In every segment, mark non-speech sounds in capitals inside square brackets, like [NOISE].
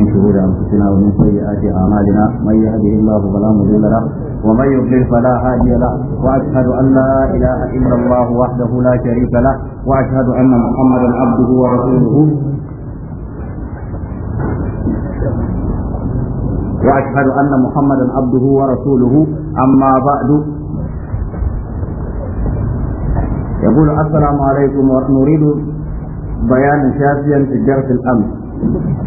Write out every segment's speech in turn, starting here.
من شهور انفسنا ومن سيئات اعمالنا من يهده الله فلا مضل له ومن يضلل فلا هادي له واشهد ان لا اله الا الله وحده لا شريك له واشهد ان محمدا عبده ورسوله واشهد ان محمدا عبده ورسوله اما بعد يقول السلام عليكم ونريد بيان شافيا في الدرس الامس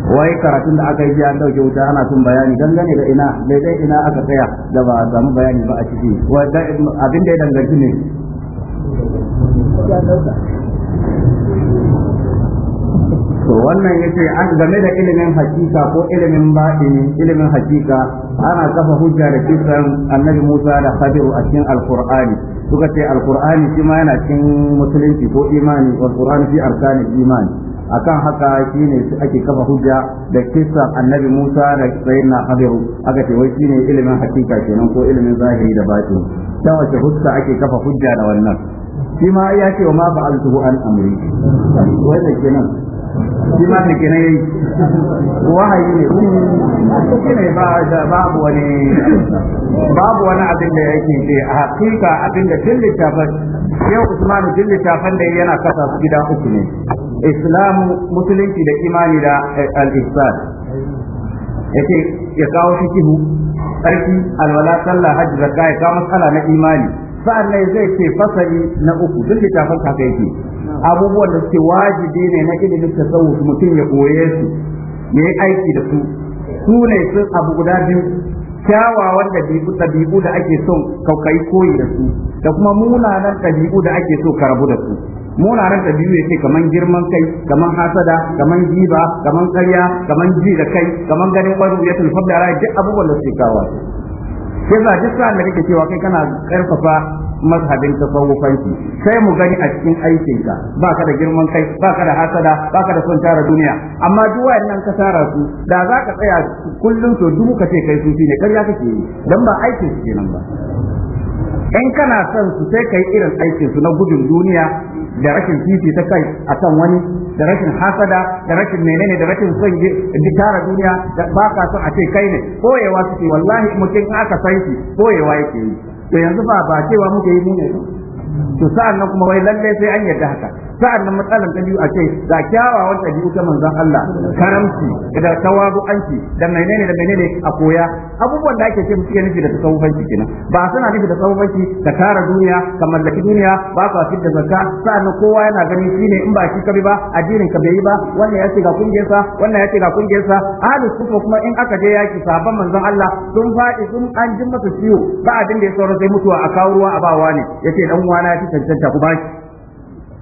wai karatun da aka yi jiya an dauke wuta ana son bayani dangane da ina daidai ina aka tsaya da ba a samu bayani ba a ciki abin da ya danganci ne to wannan yace an game da ilimin hakika ko ilimin batini ilimin hakika ana kafa hujja da kisan annabi Musa da Khadiru a cikin alqur'ani suka ce alqur'ani shi ma yana cikin musulunci ko imani wa qur'ani fi arkanin imani akan haka shine su ake kafa hujja da kisan annabi Musa da sayyidina Khadiru aka ce wai shine ilimin hakika kenan ko ilimin zahiri da batin ta wace hujja ake kafa hujja da wannan shi ma ya ce wa ma fa'altuhu an amri wannan kenan shi ma ne kenan yayi wahayi ne kuma ne ba da babu wani babu wani abin da yake ce a hakika abin da tun littafin yau Usman tun littafin da yana kasa su gida uku ne Islam musulunci da imani da eh, al-ihsan yace ya kawo fikihu sarki alwala sallah hajji zakka ya kawo matsala na imani sa'an nan zai ce fasali na uku duk littafin haka yake abubuwan da suke wajibi ne na ilimin tasawuf mutum ya koye su ya yi aiki da su su ne sun abu guda biyu kyawawan ɗabi'u ɗabi'u da ake son kaukai koyi da su da kuma munanan ɗabi'u da ake so ka rabu da su munanan ɗabi'u yake kaman girman kai kaman hasada kaman jiba kaman ƙarya kaman ji da kai kaman ganin ɓaru ya tulfar da rai duk abubuwan da suke kawo yasa duk sa'an da kake cewa kai kana karfafa mazhabin tasawufanki sai mu gani a cikin aikin aikinka baka da girman kai baka da hasada baka da son tara duniya amma duk wayannan ka tara su da za ka tsaya kullum to dubu ka ce kai sufi ne karya kake yi dan ba aikin su kenan ba in kana son su sai kai irin aikin su na gudun duniya da rashin fifi ta kai a kan wani da rashin hasada da rashin menene da rashin son tara duniya da ba ka son a ce kai ne koyewa suke wallahi mutum aka san shi koyewa yake yi to yanzu ba ba cewa muke yi ne to sa'an nan kuma wai lallai sai an yarda haka sa'an nan matsalan ta biyu a ce ga kyawawan biyu ta manzon Allah karamci da tawazu'anci da menene da menene a koya abubuwan da ake ce mu suke nufi da banki kenan ba suna nufi da tasawufanci da tara duniya ka mallaki duniya ba ka fi da zakka sa'an nan kowa yana gani shine in ba shi ka bi ba addinin ka bai ba wannan ya ce ga kungiyarsa wannan ya ce ga kungiyarsa ahlus kufa kuma in aka je yaki saba manzon Allah sun faɗi sun an jin masa ciwo ba abin da ya saura sai mutuwa a kawo ruwa a bawa ne yace dan uwana na fi cancanta ku baki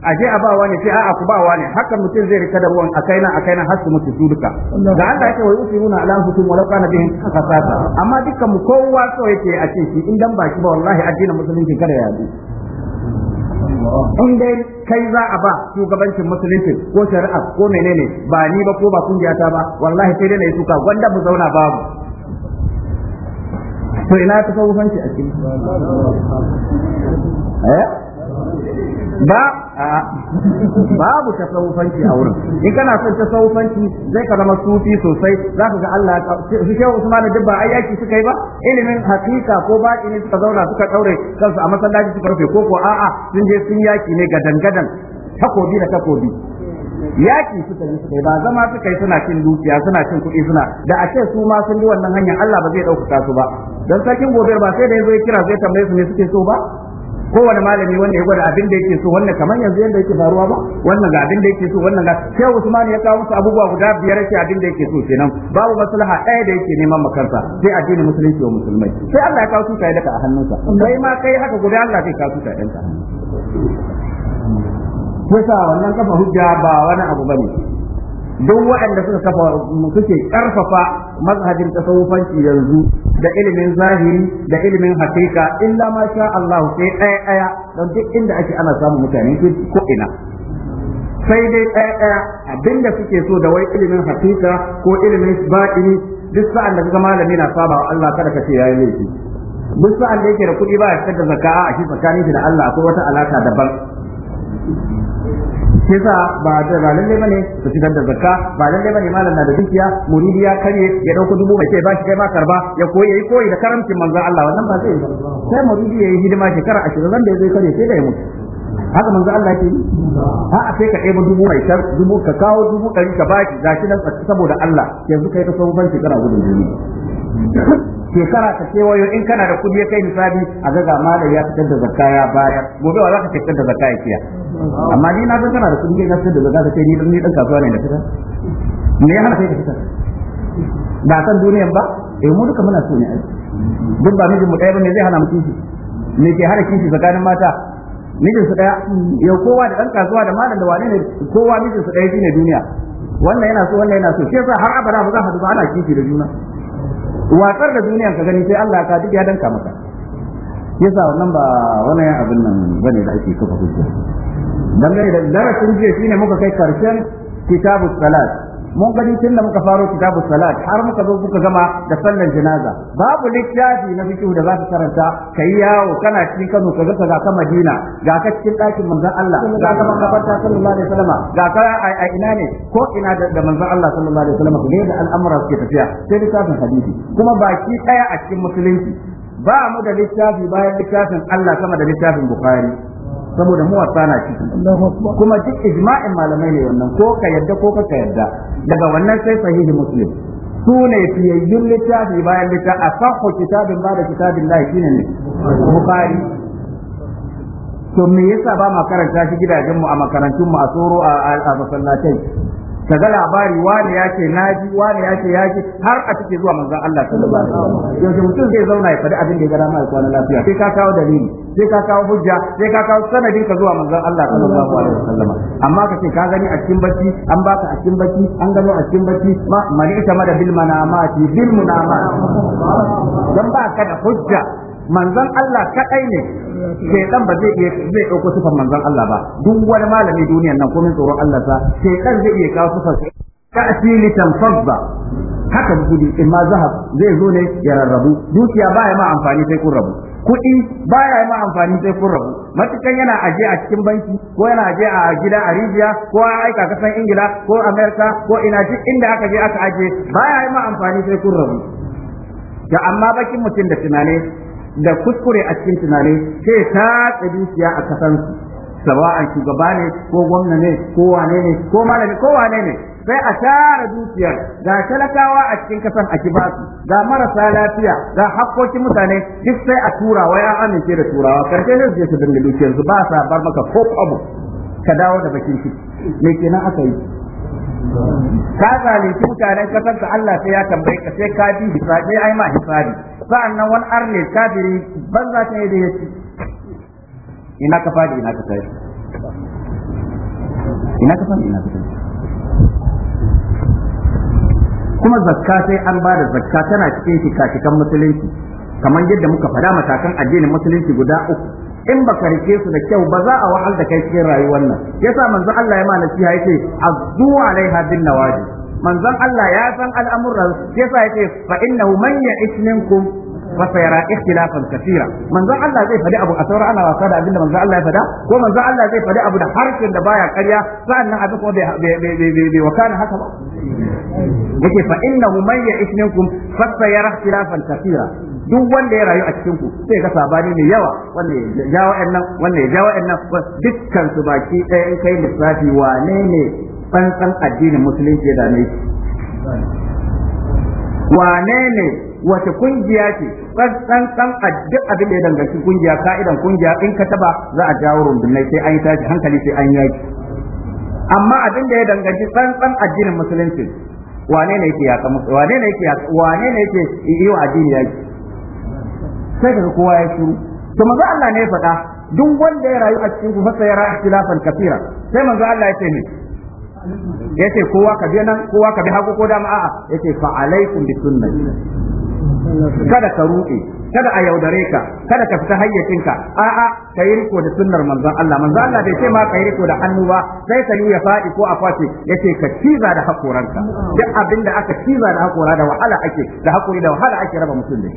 a je a bawa ne sai a'a ku bawa ne haka mutum zai rika da ruwan akai nan akai nan har su mutu su duka da Allah yake wai usiruna ala anfusihim walau kana bihim khasasa amma dukkan mu kowa so yake a ce shi in dan baki ba wallahi addinin musulunci kada ya yi in dai kai za a ba shugabancin musulunci ko shari'a ko menene ba ni ba ko ba kungiyata ba wallahi sai dai na yi suka gwanda mu zauna babu to ina ta sauranci a cikin Eh? ba babu tasawufanci a wurin in kana son tasawufanci zai ka zama sufi sosai za ka ga Allah su shehu Usman da ba ayyaki suka yi ba ilimin hakika ko ne suka zauna suka daure kansu a masallaci suka rufe ko ko a'a sun je sun yaki ne gadan gadan takobi da takobi yaki suka yi suka yi ba zama suka yi suna cin dukiya suna cin kuɗi suna da a ce su ma sun bi wannan hanyar Allah ba zai ɗaukaka su ba don sarkin gobe ba sai da ya ya kira zai tambaye su ne suke so ba kowane malami wanda ya gwada abin da yake so wannan kamar yanzu yadda yake faruwa ba wannan ga abin da yake so wannan ga sai Usman ya kawo musu abubuwa guda biyar sai abin da yake so kenan babu maslaha ɗaya da yake neman makansa sai addini musulunci wa musulmai sai Allah ya kawo su kai daga a hannunsa kai ma kai haka guda Allah zai kawo su kai ɗanka kusa wannan kafa hujja ba wani abu bane duk waɗanda suka kafa suke karfafa mazhabin tasawufanci yanzu da ilimin zahiri da ilimin hakika illa ma sha Allah sai ɗaya ɗaya don duk inda ake ana samun mutane ko ina sai dai ɗaya ɗaya abinda suke so da wai ilimin hakika ko ilimin baɗini duk sa'an da kaga malami na saba wa Allah kada ka ce yayi laifi duk sa'an da yake da kuɗi ba ya fitar da zakka a shi tsakanin shi da Allah akwai wata alaka daban shi sa ba da ba lalle bane su fitar da zakka ba lalle bane malam na da dukiya muridi ya kare ya dauko dubu mai ce ba shi kai ma karba ya koyi yayi koyi da karamcin manzo Allah wannan ba zai yi sai muridi yayi hidima shekara 20 zan da zai kare sai da ya mutu haka manzo Allah ya ce ha a sai ka ɗebo dubu mai tar dubu ka kawo dubu ɗari ka baki gashi nan saboda Allah yanzu kai ka so ban shekara gudun duniya shekara ta kewayo in kana da kudi ya kai misali a ga ga malam ya fitar da zakka ya bayar gobe wa za ka fitar da zakka ya kiya amma ni na san kana da kudi ya fitar da zakka sai ni dan ni dan kasuwa ne da fitar me ya hana kai ka fitar ba san duniyan ba eh mu duka muna so ne ai duk ba mijin mu ɗaya ne zai hana mu kishi me ke hana kishi tsakanin mata mijinsu ɗaya ya kowa da ɗan kasuwa da malam da wane ne kowa mijinsu ɗaya shine duniya wannan yana so wannan yana so shi yasa har abada ba za ka zuba ana kifi da juna watsar da duniyan ka gani sai Allah ka duk ya danka maka yasa wannan ba wani abin nan bane da ake kafa hujja dangane da darasin jiya ne muka kai karshen kitabu salat mun gani tun da muka faro kitabu salat har muka zo kuka gama da sallar janaza babu littafi na fiqh da za ka karanta kai yawo kana cikin Kano ka ga ka Madina ga ka cikin ɗakin manzon Allah ga ka makabarta sallallahu alaihi wasallam ga ka a ina ne ko ina da manzon Allah sallallahu alaihi wasallam ne da al'amura suke tafiya sai littafin hadisi kuma baki ɗaya a cikin musulunci ba mu da littafi bayan littafin Allah sama da littafin Bukhari saboda muwatta na ciki kuma duk ijma'in malamai ne wannan ko ka yadda ko ka yadda daga wannan sai sahihi muslim su ne fiyayyun littafi bayan littafi a sahu kitabin ba da kitabin lahi shine ne bukari to me yasa ba ma karanta shi gidajen mu a makarantun mu a tsoro a masallatai Ka ga labari wani ya ce naji wani ya ce yaji har a cike zuwa manzon Allah sallallahu alaihi wasallam yanzu mutum zai zauna ya faɗi abin da ya ga dama kwana lafiya sai ka kawo dalili sai ka kawo hujja sai ka kawo sanadin ka zuwa manzon Allah sallallahu alaihi wasallam amma ka ce ka gani a cikin bacci an baka a cikin bacci an gano a cikin bacci ma mani ita mada bil manamati bil munamati dan ba ka da hujja manzon Allah kadai ne shaytan ba zai iya zai dauko sifan manzon Allah ba duk wani malami duniyar nan komai tsoron Allah sa shaytan zai iya kawo sufan. ka asili tanfadda haka kudi in ma zahab zai zo ne ya rarrabu dukiya baya ma amfani sai kun rabu kuɗi baya ma amfani sai kun rabu matukan yana aje a cikin banki ko yana aje a gida a rijiya ko a aika kasan ingila ko amerika ko ina duk inda aka je aka aje baya ma amfani sai kun rabu da amma bakin mutum da tunani da kuskure a cikin tunani sai ta dukiya a kasansu a shugaba ne ko gwamna ne ko wane ne ko malami ko wane ne sai a tara dukiyar ga talakawa a cikin kasan a kiba su ga marasa lafiya ga hakkokin mutane duk sai a tura wa ya amince da turawa karshe ne su su dukiyar su ba sa bar maka ko abu ka dawo da bakin shi me kenan aka yi ka zalunci mutanen kasar da Allah sai ya tambaye ka sai ka bi sai ai ma hisabi sa'annan wani arne ban za ta yi da ya ina ka fadi ina ka tashi ina ka fadi ina ka tashi kuma zakka sai an ba da zakka tana cikin shika kan musulunci kamar yadda muka faɗa matakan addinin musulunci guda uku in ba baka rike su da kyau ba za a wahal da kai cikin rayuwar nan yasa manzo Allah ya ma nasiha yace azzu alaiha bin nawaji manzon Allah ya san al'amuran yasa yace fa innahu man ya'ish minkum fa sayara ikhtilafan kathira manzon Allah zai fadi abu a saura ana wasa da abinda manzon Allah ya fada ko manzon Allah zai fadi abu da harshen da baya ƙarya sa'annan abin ko bai wakana haka ba yake fa innahu man ya'ish minkum fa sayara ikhtilafan kathira duk wanda ya rayu a cikin ku sai ga sabani mai yawa wanda ya ja wa'annan wanda ya ja wa'annan dukkan su baki ɗaya in kai lissafi wane ne tsantsan addinin musulunci da ne shi wane ne wace kungiya ce tsantsan duk abin da ya danganci kungiya ka'idan kungiya in ka taba za a jawo rundunai sai an yi tashi hankali sai an yaki amma abin da ya danganci tsantsan addinin musulunci wane ne yake yaka wane ne yake wane ne yake yi wa addini yaki sai ka kowa ya shiru to manzo Allah ne ya faɗa duk wanda ya rayu a cikin ku fasa ya ra'a ikhtilafan kaseera sai manzo Allah ya ce ne yace kowa ka bi nan kowa ka bi hagu ko dama a'a yace fa alaikum bi sunnati kada ka ruɗe kada a yaudare ka kada ka fita hayyacinka a'a ka yi riko da sunnar manzon Allah manzon Allah bai ce ma ka yi riko da hannu ba sai ka ya faɗi ko a kwace yace ka ciza da hakoranka duk abinda aka ciza da hakora da wahala ake da hakuri da wahala ake raba mutum da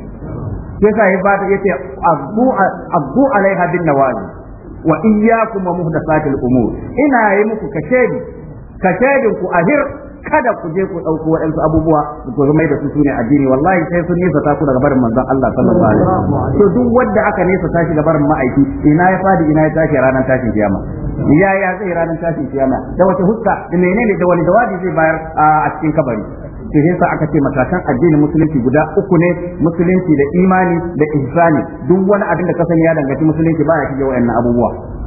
shi sai ba ta yace abu abu alaiha bin nawazi wa iyyakum wa muhdathatil umur ina yi muku kashedi kashedin ku ahir kada ku je ku ɗauko waɗansu abubuwa ku zama da su ne addini wallahi sai sun nesa ta ku daga barin manzon Allah sallallahu alaihi wasallam to duk wanda aka nesa tashi da barin ma'aiki ina ya fadi ina ya tashi ranar tashin kiyama ya ya zai ranar tashin kiyama da wace huska da menene da wani dawadi zai bayar a cikin kabari to yasa aka ce matakan addinin musulunci guda uku ne musulunci da imani da ihsani duk wani abin da ka sani ya danganci musulunci baya shige waɗannan abubuwa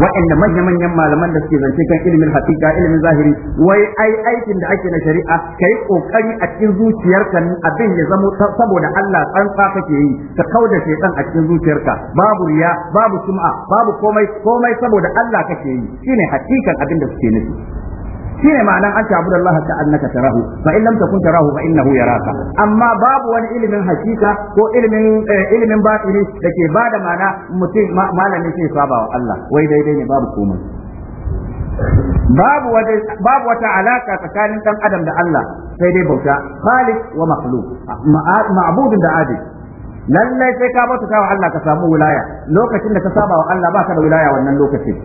waɗanda manya-manyan malaman da suke zance kan ilimin hakika ilimin zahiri wai ai aikin da ake na shari'a kai kokari a cikin zuciyarka abin ya zamo saboda Allah tsantsa kake yi ka kauda shaytan a cikin zuciyarka babu riya babu sum'a babu komai komai saboda Allah kake yi shine hakikan abin da suke nufi shine ma'anan an ta'budu Allah ka annaka tarahu fa in lam takun tarahu fa innahu yaraka amma babu wani ilimin hakika ko ilimin eh, ilimin batini dake bada ma'ana mutum malami sai saba wa Allah wai daidai ne babu komai babu wata babu wata alaka tsakanin dan adam da Allah sai dai bauta khaliq wa makhluq ma'budun da adi lallai sai ka bauta wa Allah ka samu wilaya lokacin da ka saba wa Allah baka da wilaya wannan lokacin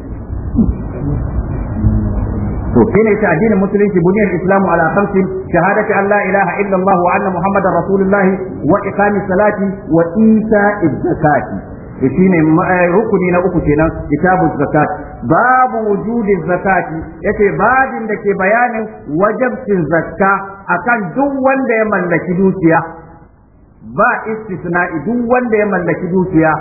to shine ta addinin musulunci buniyar islamu ala khamsin shahadati an la ilaha illallah wa anna muhammadar rasulullahi wa iqamis salati wa Isa zakati shi ne eh, rukuni na uku kenan kitabun zakat babu wujudin zakati yace babin da ke bayanin wajabcin zakka akan duk wanda ya mallaki dukiya ba istisna'i duk wanda ya mallaki dukiya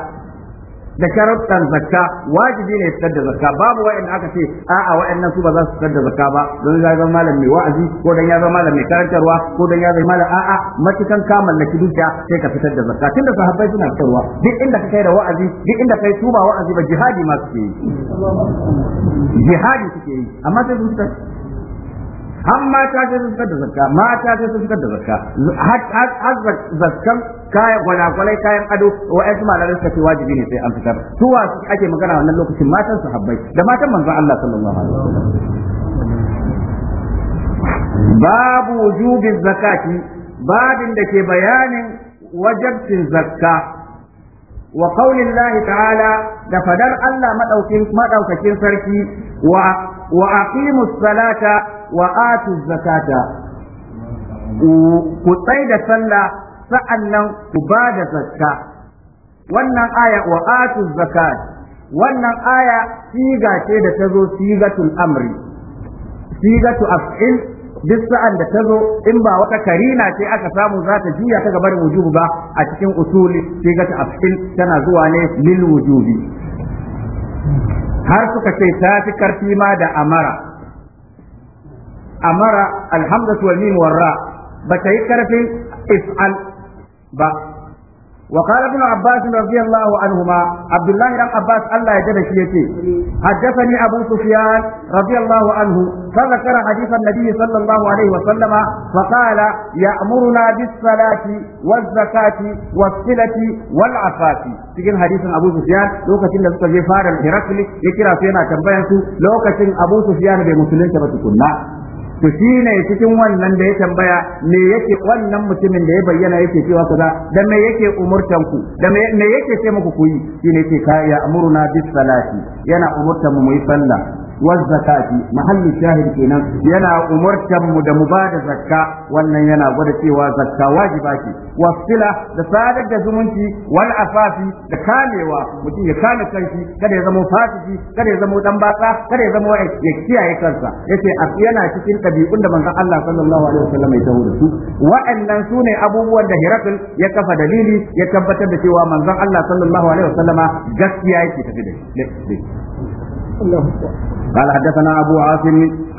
da sharuɗan zakka wajibi ne fitar da zakka babu wa'in aka ce a'a nan su ba za su fitar da zakka ba don ya zama malam mai wa'azi ko don ya zama malam mai karantarwa ko don ya zama malam a'a matukan ka mallaki dukiya sai ka fitar da zakka tunda sahabbai suna fitarwa duk inda ka kai da wa'azi duk inda kai tuba wa'azi ba jihadi ma suke yi jihadi suke yi amma sai sun fitar har mata sai sun fitar da zakka mata sai sun fitar da zakka har zakkan kayan gwalagwalai kayan ado wa ƴan malamai suka ce wajibi ne sai an fitar su wa ake magana wannan lokacin matan su habbai da matan manzon Allah sallallahu alaihi wasallam babu wujubi zakati babin da ke bayanin wajabcin zakka wa qaulillahi ta'ala da fadar Allah madaukin madaukakin sarki wa وأقيموا الصلاة وآتوا الزكاة وقصيد صلى سألنا كباد زكاة وأن آية وآتوا الزكاة وأن آية سيغة شيدة تزو سيغة الأمر سيغة أفعل duk sa'an da ta zo in ba wata karina ce aka samu za ta juya ta gabar wujubu ba a cikin usuli sai ga tana zuwa ne lil wujubi har suka ce ta fi karfi ma da amara amara alhamdulillah wal mim warra ba ta yi karfin if'al ba وقال ابن عباس رضي الله عنهما عبد الله بن عباس الله يجد شيئتي حدثني أبو سفيان رضي الله عنه فذكر حديث النبي صلى الله عليه وسلم فقال يأمرنا بالصلاة والزكاة والصلة والعفاة cikin hadisin Abu Sufyan lokacin da suka je fara Herakli ya kira su yana tambayan su lokacin Abu Sufyan bai musulunta ba tukunna to shi ne cikin wannan da ya tambaya me yake wannan mutumin da ya bayyana yake cewa kaza da me yake umurtan ku da me yake ce muku ku yi ne ka ya amuruna bis salati yana umurtan mu mu yi sallah والزكاة محل الشاهد كنا ينا أمرتم مدمباد زكاة وأن ينا قدتي وزكاة واجباتي والصلة لصادق زمنتي والعفافي لكاليوا متي يكال كنتي كده يزمو فاتتي كده يزمو دنباتا كده يزمو عيد يكتيا يكالسا يتي أقيانا تكين كبي قند من الله صلى الله عليه وسلم يتهور سو وأن سوني أبو وند هرقل يكفى دليلي يكبت بسيوا من الله صلى الله عليه وسلم جسيا يكتفي قال حدثنا أبو عاصم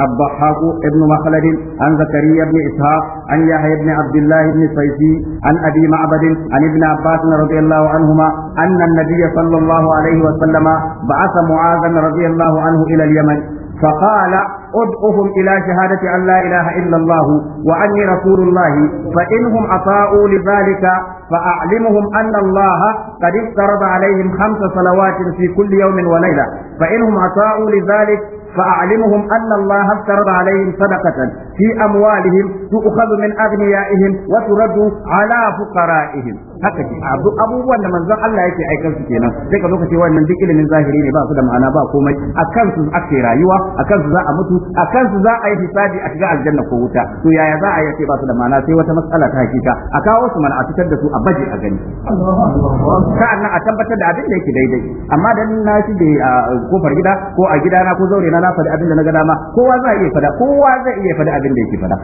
الضحاك بن مخلد عن زكريا بن إسحاق عن يحيى بن عبد الله بن صيفي عن أبي معبد عن ابن عباس رضي الله عنهما أن النبي صلى الله عليه وسلم بعث معاذا رضي الله عنه إلى اليمن فقال ادعهم إلى شهادة أن لا إله إلا الله وأني رسول الله فإنهم أطاعوا لذلك فأعلمهم أن الله قد افترض عليهم خمس صلوات في كل يوم وليلة فإنهم أطاعوا لذلك فأعلمهم أن الله افترض عليهم صدقة في أموالهم تؤخذ من أغنيائهم وترد على فقرائهم haka abubuwan da manzon Allah yake aikar su kenan sai ka lokaci wannan duk ilimin zahiri ne ba su da ma'ana ba komai akan su ake rayuwa akan su za a mutu akan su za a yi hisabi a shiga aljanna ko wuta to yaya za a yace ba su da ma'ana sai wata matsala ta hakika a kawo su mana a fitar da su a baje a gani sa'an nan a tabbatar da abin da yake daidai amma dan na shi a kofar gida ko a gidana ko zaure na na faɗi abin na ga dama kowa za iya zai iya faɗi abin abin da yake fada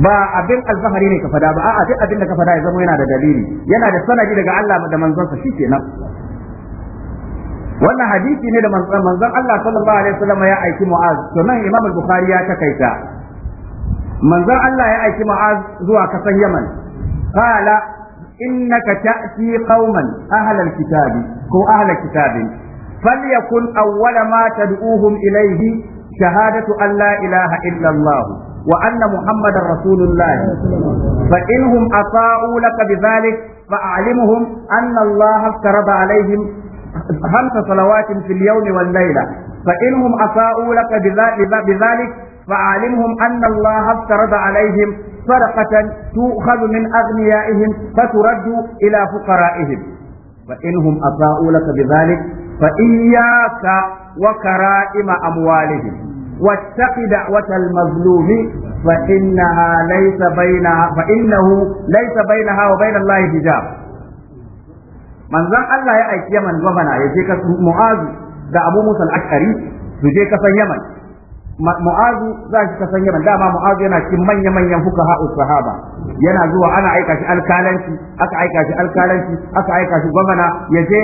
ba abin alfahari ne ka fada ba a'a duk abin da ka fada ya zama yana da dalili yana da sanadi daga Allah da manzonsa shikenan wannan hadisi ne da manzon Allah sallallahu alaihi wasallam ya aiki Mu'az to nan Imam Bukhari ya takaita manzon Allah ya aiki Mu'az zuwa kasan Yaman qala innaka ta'ti qauman ahlal kitabi ko ahlal kitabin falyakun awwala ma tad'uhum ilayhi شهادة أن لا إله إلا الله وأن محمد رسول الله فإنهم أطاعوا لك بذلك فأعلمهم أن الله افترض عليهم خمس صلوات في اليوم والليلة فإنهم أطاعوا لك بذلك فعلمهم أن الله افترض عليهم صدقة تؤخذ من أغنيائهم فترد إلى فقرائهم فإنهم أطاعوا لك بذلك فإياك وكرائم a واتق دعوة المظلوم فإنها ليس بينها فإنه ليس بينها وبين الله حجاب manzon Allah ya aiki Yaman gwamna ya je Mu'azu da Abu Musa al-Ashari su kasan Yaman Mu'azu za shi kasan Yaman dama Mu'azu yana cikin manya manyan fuqaha sahaba yana zuwa ana aika shi alkalanci aka aika shi alkalanci aka aika shi ya je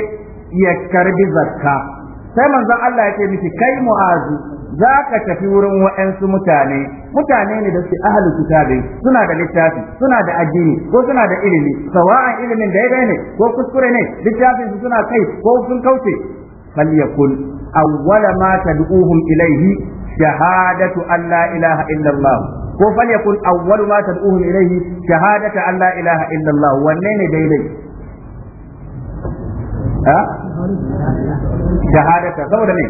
ya karbi zakka sai manzon Allah ya ce miki kai mu'azu za ka tafi wurin wa'ansu mutane mutane ne da su ahalu kitabi suna da littafi suna da addini ko suna da ilimi sawa'an ilimin daidai ne ko kuskure ne littafin su suna kai ko sun kauce falyakun awwala ma tad'uhum ilayhi shahadatu an la ilaha Allah. ko falyakun awwalu ma tad'uhum ilayhi shahadatu an la ilaha Allah. wanne ne daidai shahadata saboda ne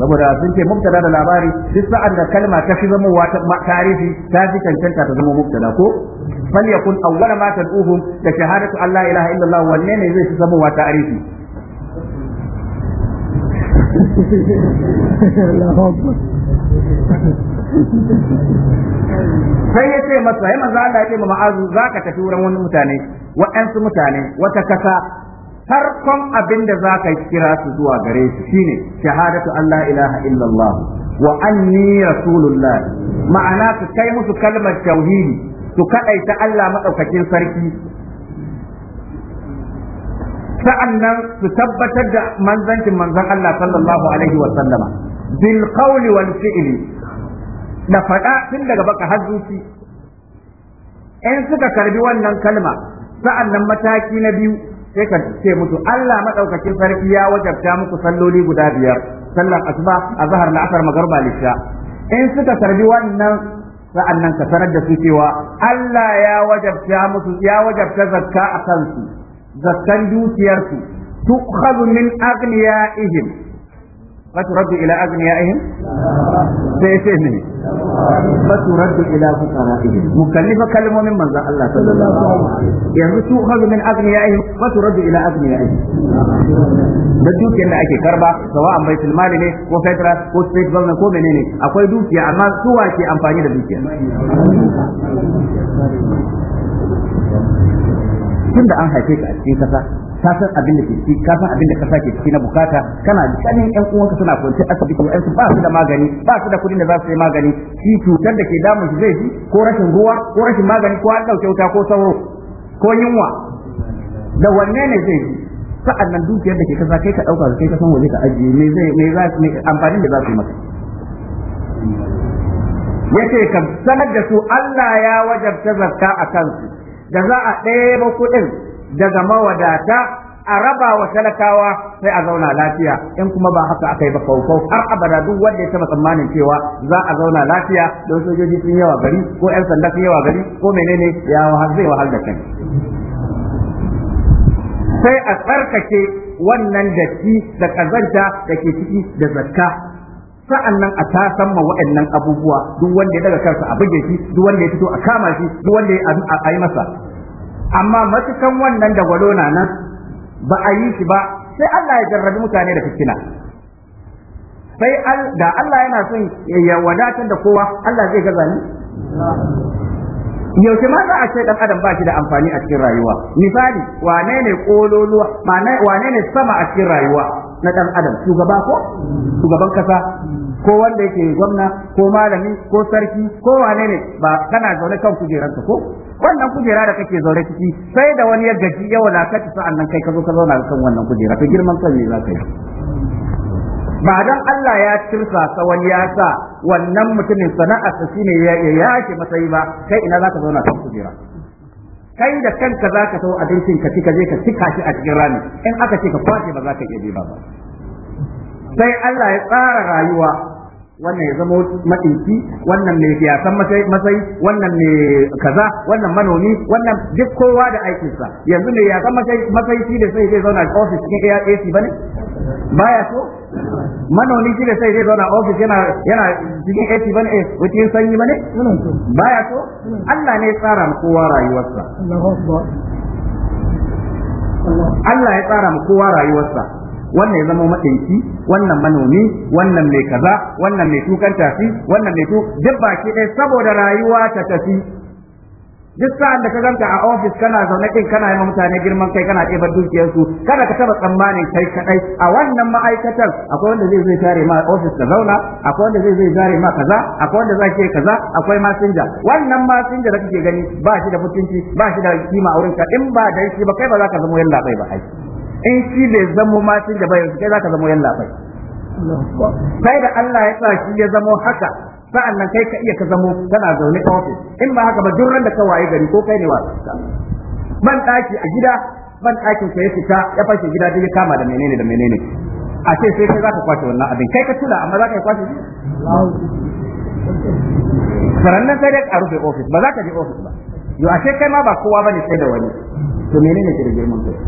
saboda sun ce mubtada da labari duk sa'an da kalma ta fi zama wata tarihi ta fi cancanta ta zama mubtada ko fal yakun awwala ma tad'uhum da shahadatu Allah la illa illallah wanne ne zai fi zama wa tarihi sai ya ce masa ya manzo Allah ya ce ma ma'azu zaka tafi wurin wani mutane waɗansu mutane wata kasa farkon abin da za ka kira su zuwa gare shi shine shahadatu Allah ilaha illallah wa anni rasulullah ma'ana ka kai musu kalmar tauhidi su kadaita Allah madaukakin sarki sa'annan su tabbatar da manzancin manzon Allah sallallahu alaihi wa sallama bil qawli wal fi'li da fada tun daga baka hazzuci in suka karbi wannan kalma sa'annan mataki na biyu sai ka ce musu Allah madaukakin sarki ya wajabta muku salloli guda biyar sallar asuba azhar la'asar magarba lisha in suka tarbi wannan sa'annan ka sanar da su cewa Allah ya wajabta musu ya wajabta zakka a kansu zakkan dukiyarsu tukhadhu min agniyaihim فترد إلى أغنيائهم سيسمني فترد إلى فقرائهم مكلفة كلمة من منزع الله صلى الله عليه وسلم يعني من أغنيائهم فترد إلى أغنيائهم da dukiyar da ake karba an bai tilmali ne ko federal ko state government ko menene akwai dukiya amma su ke amfani da dukiya tun da an haife ka a cikin kasa ka san abin da ke ciki ka san abin da ka ke ciki na bukata kana kanin yan uwanka suna kwanci asibiti wa'en su ba su da magani ba su da kuɗin da za su yi magani shi cutar da ke damun shi zai ji ko rashin ruwa ko rashin magani ko an ɗauke wuta ko sauro ko yunwa da wanne ne zai ji sa'an nan dukiyar da ke kasa kai ka ɗauka kai ka san waje ka ajiye me zai me za me amfanin da za su yi maka yace ka sanar da su Allah ya wajabta zakka a kansu da za a ɗebo kuɗin daga mawadata a raba wa talakawa sai a zauna lafiya in kuma ba haka aka yi ba kaukau har abada duk wanda ya taba tsammanin cewa za a zauna lafiya don sojoji sun yawa gari ko yan sanda sun yawa gari ko menene ya wahal zai wahal da kai sai a tsarkake wannan datti da kazanta da ke ciki da zakka sa'an nan a tasan ma waɗannan abubuwa duk wanda ya daga kansa a buge shi duk wanda ya fito a kama shi duk wanda ya a yi masa amma matukan wannan da gwado na nan ba a yi shi ba sai Allah ya jarrabi mutane da fitina sai da Allah yana son ya wadatar da kowa Allah zai gaza ni yaushe ma za a ce dan adam ba shi da amfani a cikin rayuwa misali wane ne kololuwa wane ne sama a cikin rayuwa na dan adam shugaba ko shugaban kasa ko wanda yake gwamna ko malami ko sarki ko wane ne ba kana zaune kan kujeranka ko wannan kujera da kake zaune ciki sai da wani ya gaji ya wadata sa'an kai ka zo ka zauna kan wannan kujera to girman kan ne za yi ba dan Allah ya tirsa ka wani ya sa wannan mutumin sana'ar sa shine ya yake matsayi ba kai ina zaka zauna kan kujera kai da kanka zaka a abincin ka ci ka je ka cika shi a cikin rami in aka ce ka kwace ba za ka iya ba sai Allah ya tsara rayuwa wannan ya zama matsinci wannan mai siyasan masai wannan ne kaza wannan manomi wannan duk kowa da aikinsa yanzu ne yasan masai shi da sai zai zauna a ofis cikin ARAC ne? baya so manoni shi da sai zai zauna a ofis yana yana cikin ba ne, eh wucin sanyi ne? baya so Allah ne tsara tsara kowa rayuwarsa Allah ya tsara kowa rayuwarsa wannan ya zama maɗinki wannan manomi wannan mai kaza wannan mai tukar tafi wannan mai tuk.. duk baki ɗaya saboda rayuwa ta tafi duk sa'an da ka ganta a ofis kana zaune kin kana yi mutane girman kai kana ɗebar dukiyarsu kada ka taba tsammanin kai kaɗai, a wannan ma'aikatan, akwai wanda zai zai tare ma ofis ka zauna akwai wanda zai zai tare ma kaza akwai wanda zai ke kaza akwai masinja wannan masinja da kake gani ba shi da mutunci ba shi da kima a wurinka in ba da shi ba kai ba za ka zama yalla bai ba aiki in shi bai zamo matan da bayan kai zaka zamo yan labai sai da Allah ya sa shi ya zamo haka sa'an nan kai ka iya ka zamo kana zaune a wato in ba haka ba duk ran da ka waye gari ko kai ne wa? ban daki a gida ban dakin ka ya fita ya fashe gida duk ya kama da menene da menene a ce sai kai zaka kwace wannan abin kai ka tula amma zaka yi kwace sarannan sai dai a rufe ofis ba za ka je ofis ba yau ashe kai ma ba kowa bane sai da wani to menene da girman kai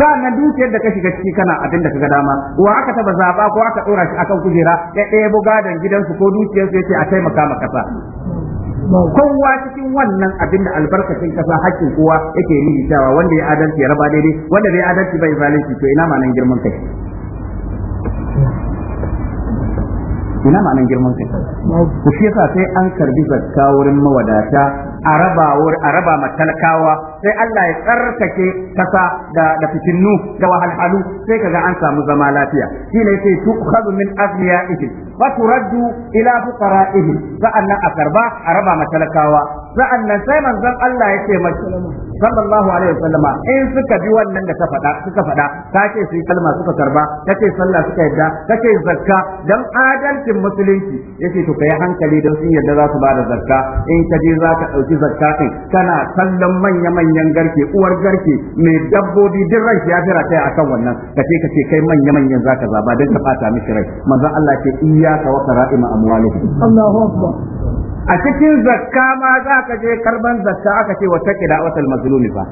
nan dukiyar da ka shiga ciki kana abin da ka ga dama wa aka taba zaba ko aka dora shi akan kujera ya ɗaya gidan gidansu ko su yace a taimaka ma sa kowa cikin wannan abin da albarkacin kasa hakkin kowa yake rubutawa wanda ya adalci ya raba daidai wanda bai adalci bai zalunci to ina ma'anan girman kai ina ma'anan girman kai ku shi yasa sai an karbi zakka wurin mawadata a raba a raba talakawa sai Allah ya tsarkake kasa da da fitinnu da wahalhalu sai kaga an samu zama lafiya shine sai tukhadhu min aghniyaihim fa turaddu ila fuqara'ihim sa'annan a karba a raba matalakawa sa'annan sai manzon Allah ya ce sallallahu alaihi wasallama in suka bi wannan da ta faɗa suka faɗa ta ce su yi kalma suka karba ta ce sallah suka yadda ta ce zakka dan adalcin musulunci yace to kai hankali don sun yadda za su ba da zakka in ka je za ka ɗauki zakka kana kallon manya-manya manyan garke uwar garke mai dabbobi duk ran ya fira kai akan wannan ka ce kai manya manyan zaka zaba dan ka fata miki rai manzon Allah ce iyyaka wa qara'ima amwalikum Allahu akbar a cikin zakka ma za ka je karban zakka aka ce wata kida'atul mazlumi fa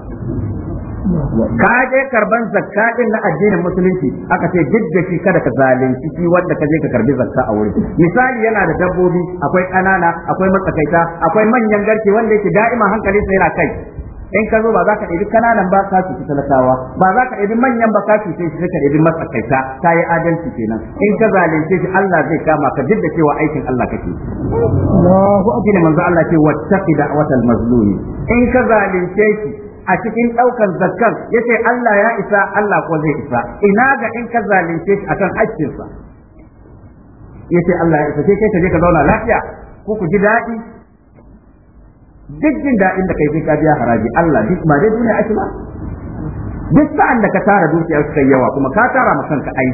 ka je karban zakka din na addinin musulunci aka ce duk da shi kada ka zalunci shi wanda ka je ka karbi zakka a wurin misali yana da dabbobi akwai kanana akwai matsakaita akwai manyan garke wanda yake da'ima hankalinsa yana kai in ka zo ba za ka ɗebi kananan ba ka cuci talakawa ba za ka ɗebi manyan ba ka cuce shi ka ɗebi matsakaita Ta yi adalci kenan in ka zalunce shi Allah zai kama ka duk da cewa aikin Allah kake Allahu akbar manzo Allah ce wattaqi da'watal mazlumi in ka zalunce shi a cikin daukan zakkan yace Allah ya isa Allah ko zai isa ina ga in ka zalunce shi akan haƙƙinsa yace Allah ya isa sai kai ka je ka zauna lafiya ko ku ji daɗi duk jin daɗin da kai sai ka biya haraji Allah duk ma dai duniya ake ba duk sa'an da ka tara dukiyar kai yawa kuma ka tara ma kanka ai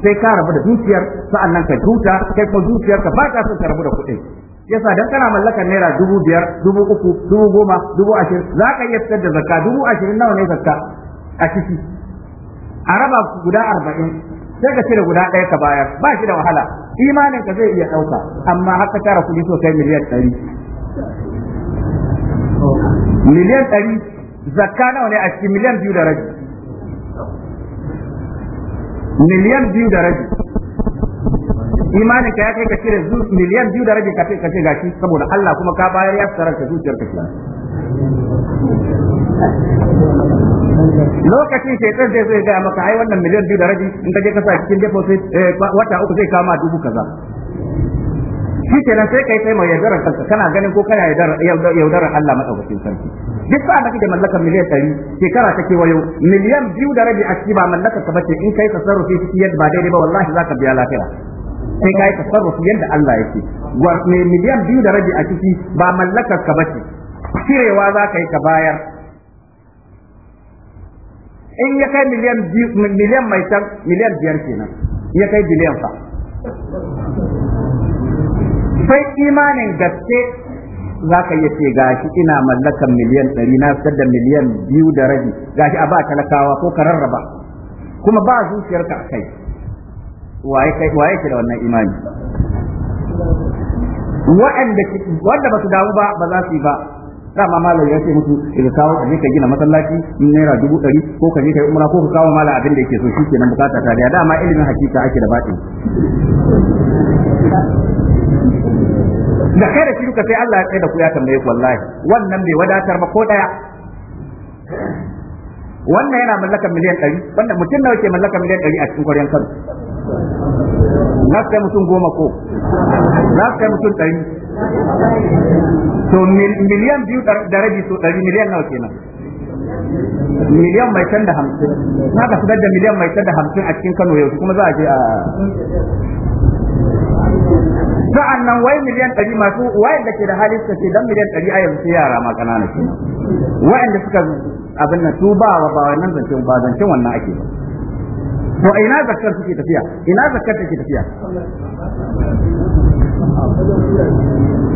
sai ka rabu da dukiyar sa'an nan ka huta kai kuma dukiyar ka ba son ka rabu da kuɗin yasa dan kana mallakar naira dubu biyar dubu uku dubu goma dubu ashirin za ka iya fitar da zakka dubu ashirin nawa ne zakka a ciki a raba guda arba'in sai ka cire guda ɗaya ka bayar ba shi da wahala imanin ka zai iya ɗauka amma haka tara kuɗi so kai miliyan ɗari miliyan ɗari zakka nawa ne a cikin miliyan biyu da rabi miliyan biyu da rabi imanin ka ya kai ka cire zuwa miliyan biyu da rabi ka ce kace gashi saboda Allah kuma ka bayar ya sarar ka zuciyar ka kenan lokacin shaitan zai zai gaya maka ai wannan miliyan biyu da rabi in ka je ka sa cikin deposit eh, wata uku zai kama dubu kaza shi kenan sai kai sai mai yaudarar kanka kana ganin ko kana yaudarar Allah madaukakin sarki duk sa'a da kake mallakar miliyan ɗari shekara ta wayo miliyan biyu da rabi a ciki ba mallakar ka bace in kai tasarrufi shi yadda ba daidai ba wallahi ka biya lafiya sai kai tasarrufi yadda Allah yake mai miliyan biyu da rabi a ciki ba mallakar ka bace cirewa za ka yi ka bayar in ya kai miliyan biyu, miliyan mai miliyan biyar kenan ya kai biliyan fa sai imanin gaske za ka iya ce gashi ina mallakan miliyan ɗari na fitar da miliyan biyu da rabi gashi a ba talakawa ko ka rarraba kuma ba zuciyarka a kai waye ke da wannan imani wanda ba su damu ba ba za su yi ba dama malam ya ce musu ka kawo kaje ka gina masallaci in naira dubu ɗari ko kaje ka yi umra ko ka kawo mala abin da yake so shi kenan bukata ta da dama ilimin hakika ake da baɗi da kai da shi duka sai Allah ya tsaye da ku ya tambaye ku wallahi wannan bai wadatar ba ko daya wannan yana mallakar miliyan ɗari wannan mutum nawa ke mallakar miliyan ɗari a cikin kwaryan kano Na sai mutum goma ko na sai mutum ɗari to miliyan biyu da rabi so ɗari miliyan nawa kenan miliyan mai can da hamsin na ka fitar da miliyan mai can da hamsin a cikin kano yau kuma za a je a sa'an nan wai miliyan ɗari masu wayanda ke da hali suka ce don miliyan ɗari a yanzu yara ma ƙanana ke wayanda suka abin nan su ba wa bawa nan zancen ba zancen wannan ake ba to a ina zakkar suke tafiya ina zakkar take tafiya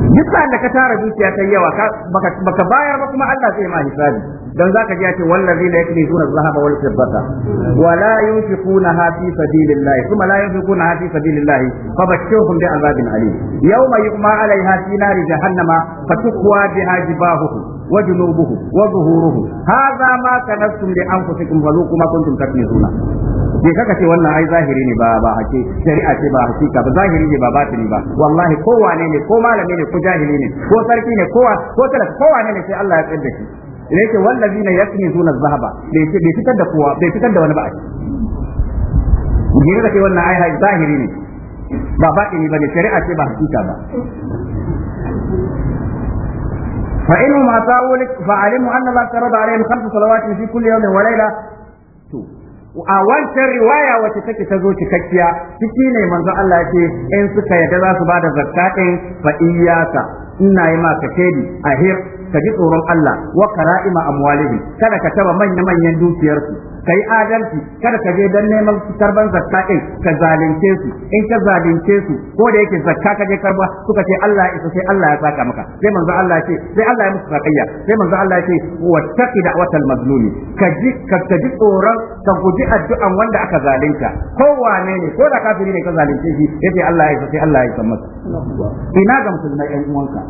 duk da ka tara dukiya ta yawa baka bayar ba kuma Allah zai ma hisabi dan zaka ji ake wallazina yaknizuna dhahaba wal fiddata Wala la yunfiqunaha fi sabilillahi kuma la yunfiqunaha fi sabilillahi fabashshirhum bi azabin alim yawma yuqma 'alayha fi nari jahannama fatukwa biha jibahuhum wa junubuhum wa zuhuruhum hadha ma kanastum li anfusikum wa ma kuntum taknizuna bai kaka ce wannan ai zahiri ne ba ba hake shari'a ce ba hakika ba zahiri ne ba batini ba wallahi wane ne ko malami ne ko jahili ne ko sarki ne ko ko wane ne sai Allah ya tsare da shi ne yake wallazina yaknizuna zahaba bai fitar da kowa bai fitar da wani ba a gina da kai wannan ai zahiri ne ba ba batini bane shari'a ce ba hakika ba Fa ma فإن ما لك فعلموا أن الله فرض عليهم خمس صلوات في كل يوم وليلة a wancan riwaya wacce take ta zo cikakkiya ciki ne manzo Allah ce in suka yadda za su ba da zakka din fa iyyaka ina yi ma a hir ka ji tsoron Allah wa kara'ima amwalihim kada ka taba manya manyan dukiyarsu kai adalci kada ka je dan neman karban zakka din ka zalunce su in ka zalunce su ko da yake zakka ka je karba suka ce Allah ya isa sai Allah ya saka maka sai manzo Allah ya ce sai Allah ya musu sakayya sai manzo Allah ya ce wattaqi da'watal mazlumi ka ji ka ji tsoron ka guji addu'an wanda aka zalunta ko wane ne ko da kafiri ne ka zalunce shi yace Allah ya isa sai Allah ya isa masa ina ga musulmai ɗan uwanka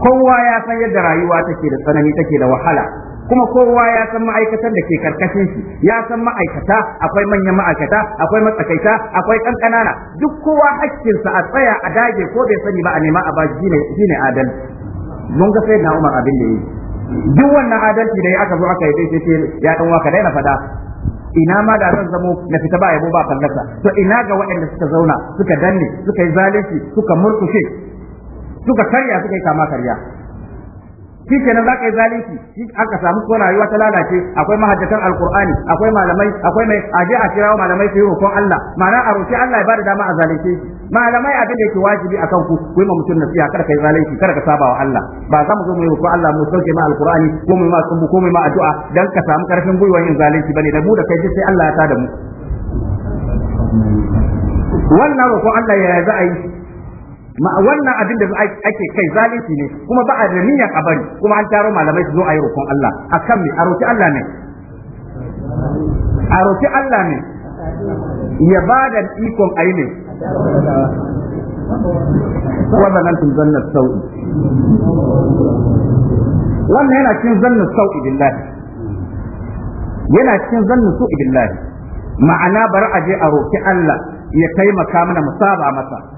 kowa ya san yadda rayuwa take da tsanani take da wahala kuma kowa ya san ma'aikatan da ke karkashin shi ya san ma'aikata akwai manyan ma'aikata akwai matsakaita akwai kankanana duk kowa hakkinsa a tsaya a dage ko bai sani ba a nema a ba shi ne adal mun ga sai na umar abin da yi duk wannan adalci da ya aka zo aka yi sai sai ya dan waka daina fada ina ma da zan zamo na fita ba yabo ba fallasa to ina ga waɗanda suka zauna suka danne suka yi zalunci suka murkushe suka karya suka yi kama karya shi kenan za ka yi zalunci shi aka samu ko rayuwa ta lalace akwai mahajjatan alqur'ani akwai malamai akwai mai aje a kirawo malamai su yi roƙon Allah ma'ana a roƙi Allah ya bada dama a zalunce shi malamai abin da yake wajibi a ku ku yi ma mutum nasiha kada ka yi zalunci kada ka saba wa Allah ba za mu zo mu yi roƙon Allah mu sauke ma alqur'ani ko mu ma tsumbu ko mu ma addu'a dan ka samu karfin gwiwa yin zalunci bane da mu da kai sai Allah ya da mu wannan roƙon Allah ya za a yi wannan abin da ake kai zalunci ne kuma ba a da niyyar a bari kuma an taro malamai su zo a yi roƙon Allah A kan me a roƙi Allah ne a roƙi Allah ne ya ba da ikon ayi ne wa zanna sau'i wannan yana cikin zanna sau'i billahi yana cikin zanna sau'i billahi ma'ana bar a je a roƙi Allah ya taimaka mana musaba masa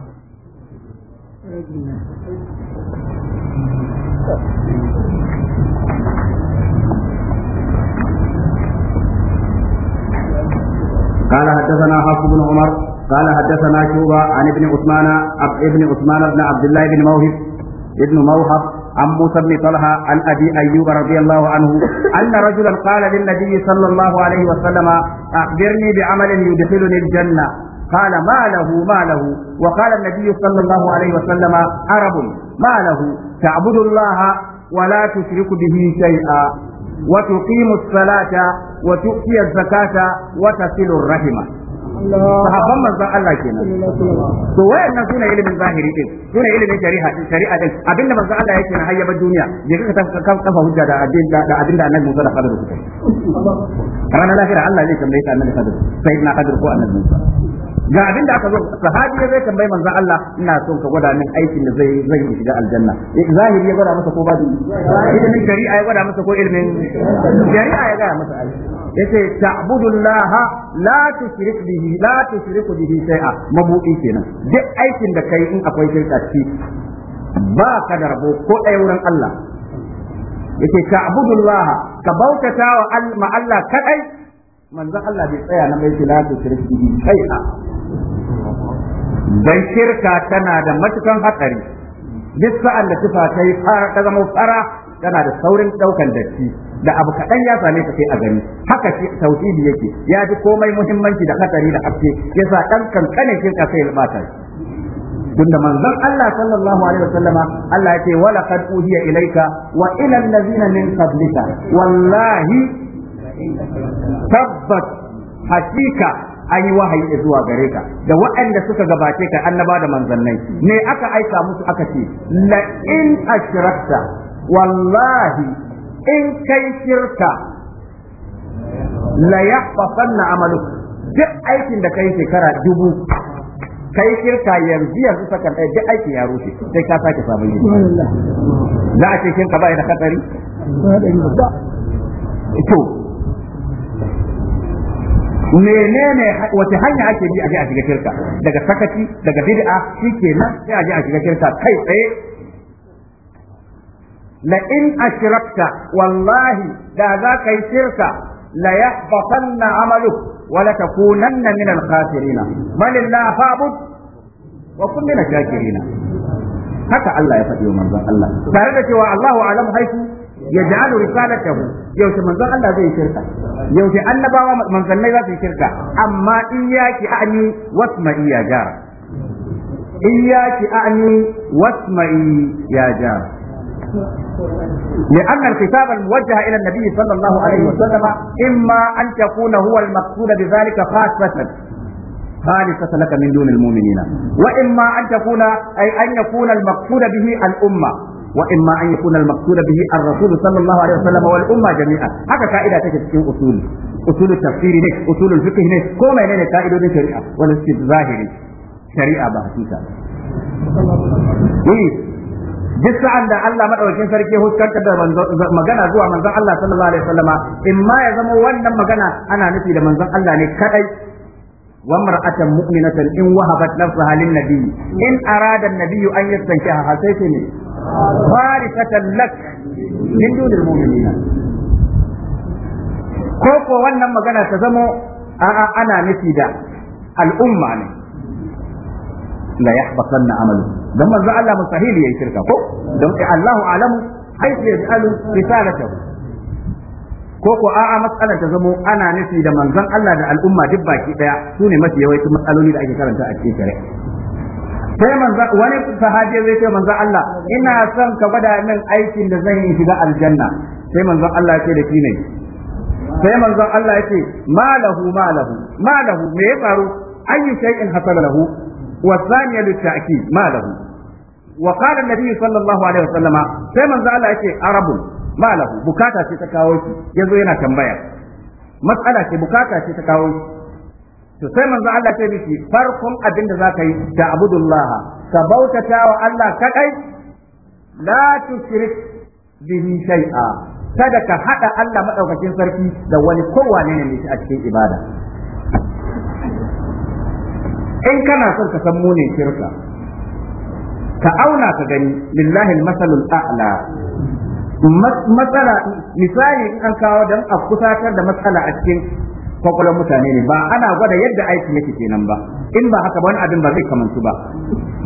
قال حدثنا حفص بن عمر قال حدثنا شوبة عن ابن عثمان ابن عثمان بن عبد الله بن موهب ابن موهب عن موسى بن طلحة عن أبي أيوب رضي الله عنه أن رجلا قال للنبي صلى الله عليه وسلم أخبرني بعمل يدخلني الجنة قال ما له ما له وقال النبي صلى الله عليه وسلم عرب ما له تعبد الله ولا تشرك به شيئا وتقيم الصلاة وتؤتي الزكاة وتصل الرحمة sahabban manzon Allah kenan to wayannan suna ilimin zahiri din suna ilimin shari'a din shari'a din abinda manzon Allah yake na hayyaba duniya ya ga kan kafa hujja da abin da abinda annabi Musa da Khadir suka yi ranar Allah zai tambaye ka annabi Sai na Khadir ko annabi Musa ga abin da aka zo sahabi ya zai tambayi manzo Allah ina son ka gwada min aikin da zai zai shiga aljanna eh, zahiri ya gwada masa ko babu ilimin shari'a ya gwada masa ko ilimin shari'a ya gwada masa ai yace ta'budullah la tushrik bihi la tushriku bihi shay'a mabudi kenan duk aikin da kai in akwai shirka ci ba ka da rabo ko ɗaya wurin Allah yace ta'budullah ka bautata wa Allah kadai manzon Allah bai tsaya na mai filatu shirki kai a dan shirka tana da matukan hatsari duk sa'an da tufa ta fara ta zama fara tana da saurin daukan datti da abu kaɗan ya same ka sai a gani haka shi tauhidi yake ya ji komai muhimmanci da hatsari da haske yasa dan kankanin shirka sai ya tunda manzon Allah sallallahu alaihi wasallama Allah yake wala qad uhiya ilayka wa ila allazina min qablika wallahi tabbas hakika an yi wahayi zuwa gare ka da waɗanda suka gabace ka annaba da manzannai ne aka aika musu aka ce la in ashrakta wallahi in kai shirka la yahbatanna amaluk duk aikin da kai shekara dubu kai shirka yanzu yanzu saka dai duk aikin ya rushe sai ka sake samun yi za a ce shirka bai da hatsari to menene wace hanya ake bi a je a shiga shirka daga sakaci daga bid'a shikenan sai a je a shiga shirka kai tsaye la in ashrakta wallahi da za ka yi shirka la yahbatanna amaluk wa la takunanna min al-khasirin bal la fa'bud wa kun min shakirin haka Allah ya faɗi wa manzon Allah tare da cewa Allahu alam haifu yaj'alu risalatahu yaushe manzon Allah zai shirka yaushe annabawa manzannai za su shirka amma iyyaki ani wasma iya jara iyyaki ani wasma'i ya jara لأن الخطاب الموجه إلى النبي صلى الله عليه وسلم إما أن تكون هو المقصود بذلك خاصة خالصة لك من دون المؤمنين وإما أن تكون أي أن يكون المقصود به الأمة وإما أن يكون المقصود به الرسول صلى الله عليه وسلم والأمة جميعا cikin قاعدة تكتشف أصول أصول التفسير نك أصول الفقه نك كما ينين قاعدة شريعة والاستظاهر شريعة بحثيكا duk sa'an da Allah madaukakin sarki huskanta da magana zuwa manzan Allah sallallahu alaihi wasallama in ma ya zama wannan magana ana nufi da manzon Allah ne kadai wa mar'atan mu'minatan in wahabat nafsaha lin nabi in arada an-nabi an yastankiha hasayta ne farisatan lak min dunil mu'minina ko ko wannan magana ta zamo a'a ana nufi da al'umma ne la yahbatanna amalu dan manzo Allah mustahil yayi shirka ko dan Allahu alamu haythu yaj'alu risalatahu ko ko a'a matsalar ta zamo ana nufi da manzon Allah da al'umma duk baki daya su ne mafi yawaitu matsaloli da ake karanta a cikin shari'a sai manzo wani sahabi zai ce manzo Allah ina son ka bada min aikin da zan yi shiga aljanna sai manzo Allah ya ce da shi ne sai manzo Allah ya ce malahu malahu malahu me ya faru ayi shay'in hasala lahu wa thaniya litta'kid malahu wa qala an-nabi sallallahu alaihi wasallama sai manzo Allah ya ce arabun malahu bukata ce ta kawo shi yanzu yana tambaya matsala ce bukata ce ta kawo shi to sai manzo Allah ce miki farkon abin da zaka yi ta abudullah ka bautata wa Allah kadai la tushrik bihi shay'a kada ka hada Allah madaukakin sarki da wani kowane ne a cikin ibada in kana son ka san munin shirka ka auna ka gani lillahi masalul a'la matsala misali in an kawo dan a kusatar da matsala a cikin kwakwalwar mutane ne ba ana gwada yadda aiki yake kenan ba in ba haka ba wani abin ba zai kamantu ba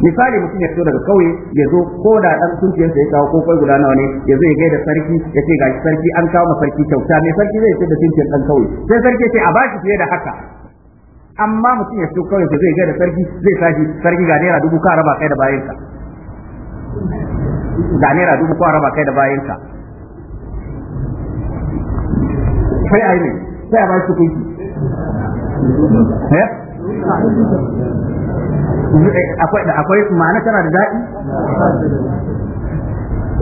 misali mutum ya fito daga kauye ya zo ko da dan tunkiyarsa ya kawo ko kai guda nawa ne ya zo ya gaida sarki ya ce gashi sarki an kawo ma sarki kyauta ne sarki zai ce da tunkiyar dan kauye sai sarki ya ce a bashi fiye da haka amma mutum ya fito kauye ya zai gaida sarki zai sashi sarki ga naira dubu ka raba kai da bayanka ga naira dubu ka raba kai da bayanka sai ai ne sai a ba shi kuɗi eh? akwai akwai ma'ana tana da daɗi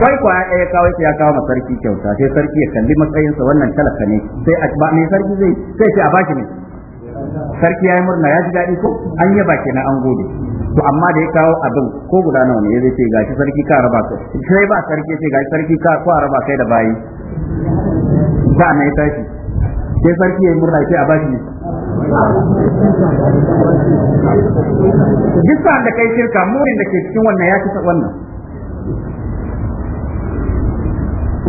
kai kwaya ya kawo ya kawo ma sarki kyauta sai sarki ya kalli matsayinsa wannan talaka ne sai a ba mai sarki zai sai ce a bashi ne sarki ya yi murna ya ji daɗi ko an yaba na an gode to amma da ya kawo abin ko guda nawa ne zai ce gashi sarki ka raba ka sai ba sarki sai gashi sarki ka ko raba kai da bayi sa'an ya tashi sai sarki ya yi murna sai a bashi ne duk da kai shirka murin da ke cikin wannan ya kisa wannan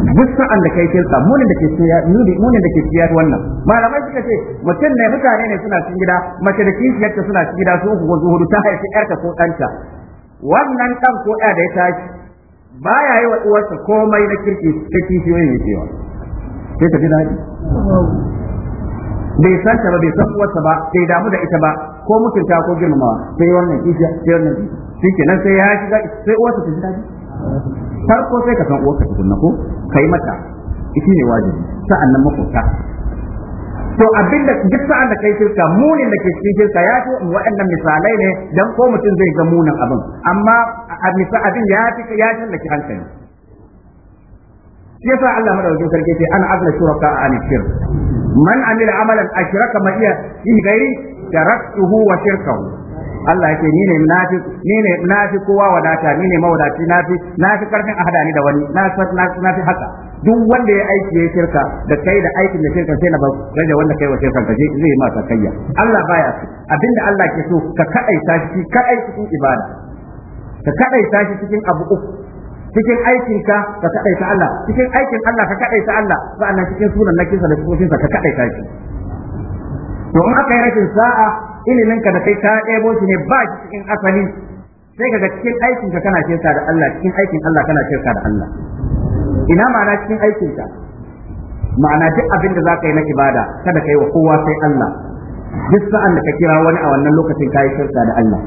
duk sa'an da kai shirka munin da ke ciya munin da ke ciya wannan malamai suka ce mutum ne mutane ne suna cikin gida mace da kishi kishiyarta suna cikin gida su uku ko hudu ta haifi yarta ko danta wannan dan ko ɗa da ya tashi baya yi wa uwarsa komai na kirki ta kishi yayin ya cewa sai ta ji daɗi bai san ta ba bai san uwarsa ba bai damu da ita ba ko mutunta ko girmamawa sai wannan kishiya sai wannan kishiya nan sai ya shiga sai uwarsa ta ji daɗi farko sai ka san uwarka tukunna ko kai mata shi ne wajibi sa'an nan makota to abin da duk sa'an da kai shirka munin da ke cikin shirka ya fi waɗannan misalai ne dan ko mutum zai ga munin abin amma a abin ya fi ya shallaki hankali yasa Allah madaukakin sarki ce ana azna shuraka an shirk man amila amalan ashraka ma iya in gairi taraktuhu wa shirkahu Allah yake ni ne nafi ni ne nafi kowa wadata ni ne mawadaci nafi nafi karfin ahada ni da wani nafi nafi haka duk wanda ya aiki ya shirka da kai da aikin da shirka sai na ba rage wanda kai wa shirka kaje zai ma sakayya Allah baya so abinda Allah ke so ka kadaita shi kadai cikin ibada ka kadaita shi cikin abu uku cikin aikin ka ka kadaita Allah cikin aikin Allah ka kadaita Allah sa'annan cikin sunan nakin sa da cikin sa ka kadaita shi to in aka yi rashin sa'a ilimin ka da kai ka ɗebo shi ne ba cikin asali sai kaga cikin aikin ka kana shirka da Allah cikin aikin Allah kana shirka da Allah ina ma'ana cikin aikin ka ma'ana duk abin da zaka yi na ibada kada kai wa kowa sai Allah duk sa'an da ka kira wani a wannan lokacin kai shirka da Allah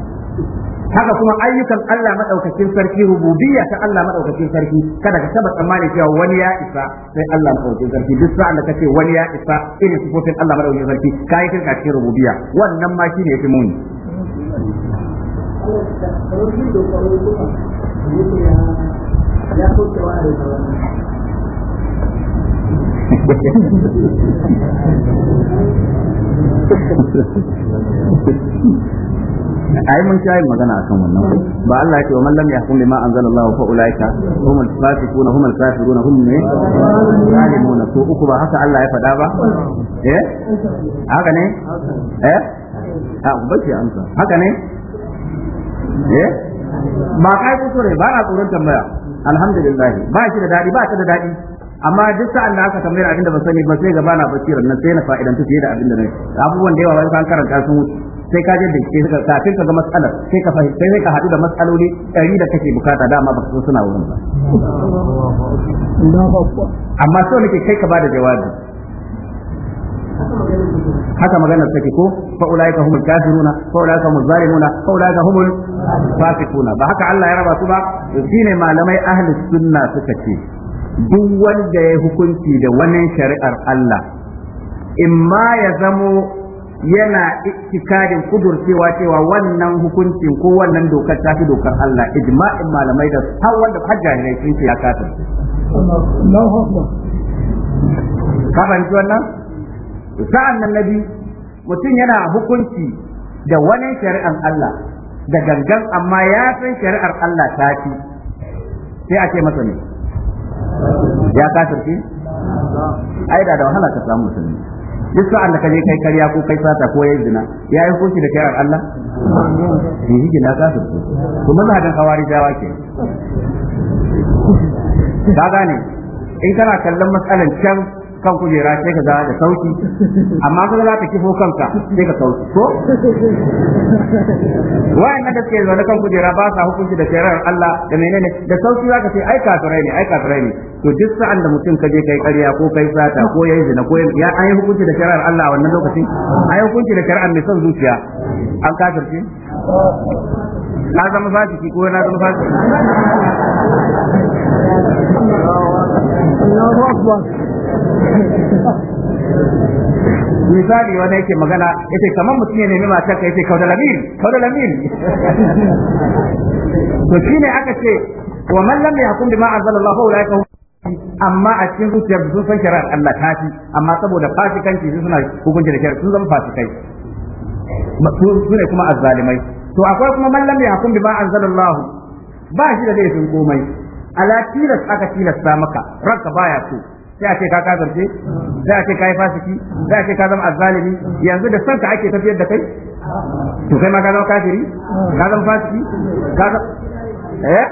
haka kuma ayyukan Allah madaukakin sarki rububiyya ta Allah madaukakin sarki kada ka taba tsammani cewa wani ya isa sai Allah madaukakin sarki duk sa'an da kace wani ya isa irin sifofin Allah madaukakin sarki kai kirka cikin rububiyya wannan ma shine yafi muni [LAUGHS] yi mun shayin magana akan wannan ba Allah ya ce wa man lam yahkum bima anzalallahu fa ulaika humul fasiqun fasi kuna kuma ne muna to uku ba haka Allah ya faɗa ba eh haka ne eh a ah, ubace amsa haka ne eh ba kai kusure ba na tsoron tambaya alhamdulillah ba shi da dadi ba shi da dadi amma duk sa'an da aka tambayar abinda da sani ba sai gaba na basiran nan sai na fa'idantu fiye da abinda ne abubuwan da yawa wani kan karanta sun wuce sai ka je da ke suka kafin ka ga mas'alar sai ka fahimta sai ka haɗu da mas'aloli ɗari da kake bukata dama ba su suna wurin ba amma so nake kai ka bada jawabi haka maganar take ko fa ulaika humul kafiruna fa ulaika humuz zalimuna fa ulaika humul fasiquna ba haka Allah ya raba su ba shine malamai ahli sunna suka ce duk wanda ya hukunci da wannan shari'ar Allah in ma ya zamo yana iktikadin kudurcewa cewa wannan hukuncin ko wannan dokar ta fi dokar Allah ijma'in malamai da har wanda har ne sun ce ya kafir ka fahimci wannan sa'an nan nabi mutum yana hukunci da wani shari'ar Allah da gangan amma ya san shari'ar Allah ta fi sai a ce masa ne ya kafirce ai da da wahala ka samu musulmi duk sa'an da ka je kai karya ko kai sata ko yayi zina ya yi hukunci da kairar Allah bi hiji na kafir to kawari da wake ka gane in kana kallon matsalan can kan kujera sai ka da sauki amma kuma za ka kifo kanka sai ka sauki ko wa'annan da suke zaune kan kujera ba sa hukunci da shari'ar Allah da menene da sauki za ka ce ai tsare ne ai tsare ne to duk sa'an da mutum ka je kai ƙarya ko kai sata ko yayi zina ko ya an yi hukunci da shari'ar Allah a wannan lokacin an yi hukunci da shari'ar mai son zuciya an kafirce na zama fasiki ko na zama fasiki Allahu akbar misali wani yake magana yace kamar mutum ya nemi matar ka yace kaudal amin kaudal amin to shine aka ce wa man lam yahkum bima anzalallahu ulaika amma a cikin zuciyar sun san shari'ar Allah ta fi amma saboda fasikanci suna hukunci da shari'a sun zama fasikai su ne kuma azzalimai to akwai kuma man lam yahkum bima anzalallahu ba shi da laifin komai ala tilas aka tilasta maka ranka baya so sai a ce ka kazarce sai a ce ka yi fasiki sai a ce ka zama azzalimi yanzu da sanka ake tafiyar da kai to kai ma ka zama kafiri ka zama fasiki ka zama eh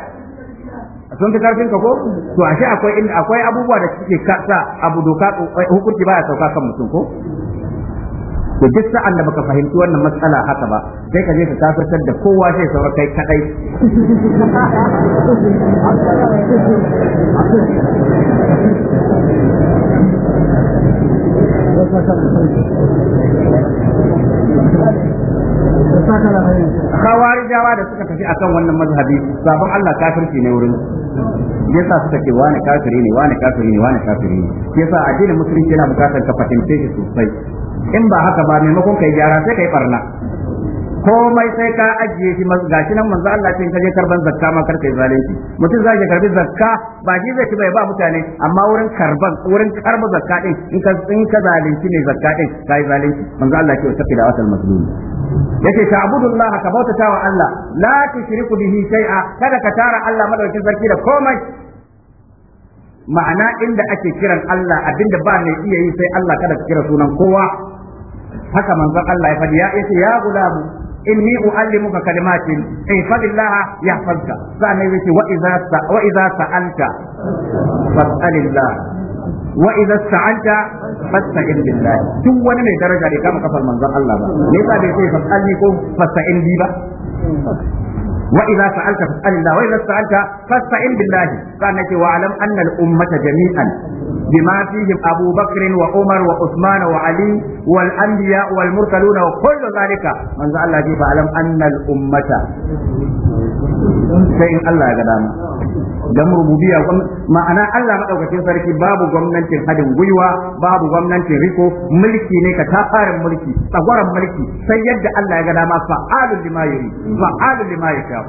sun fi karfin ka ko to ashe akwai akwai abubuwa da suke sa abu doka hukunci baya sauka kan mutum ko to duk sa'an da baka fahimci wannan matsala haka ba sai ka je ka kafirtar da kowa sai saura kai kadai Kawarijawa da suka tafi akan wannan mazhabi sabon Allah kafirci ne wurin yasa suka ce wani kafiri ne wani kafiri ne wani kafiri ne yasa addinin musulunci yana bukatar ka fahimce shi sosai in ba haka ba maimakon kai gyara sai kai barna komai sai ka ajiye shi gashi nan manzo Allah ka kaje karban zakka ma karkai zalunci mutum zai karbi zakka ba shi zai ci bai ba mutane amma wurin karban wurin karba zakka din in ka in ka zalunci ne zakka din kai zalunci manzo Allah ce wata kida wasal mazlum yace ta'budullah ka ta wa Allah la tushriku bihi shay'a kada ka tara Allah madaukin sarki da komai ma'ana inda ake kiran Allah abinda ba mai iya yi sai Allah kada ka kira sunan kowa haka manzon Allah ya faɗi ya yace ya gulamu inni uallimuka kalimatin in fadillah yahfazka sai yace wa idza wa idza sa'alta fas'alillah wa idza sa'alta fasta'in billah duk wani mai daraja da kama kafar manzon Allah ba me yasa bai ce fas'alni ko fasta'in bi ba وإذا سألت فاسأل الله وإذا سألت فاستعن بالله قال نكي واعلم أن الأمة جميعا بما فيهم أبو بكر وعمر وعثمان وعلي والأنبياء والمرسلون وكل ذلك من زعل الله فاعلم أن الأمة sai in Allah ya ga dama dan rububiyya ma'ana Allah madaukakin sarki babu gwamnatin hadin gwiwa babu gwamnatin riko mulki ne ka tafarin mulki tsagwaran mulki sai yadda Allah ya ga dama fa'alu lima yuri fa'alu lima yasha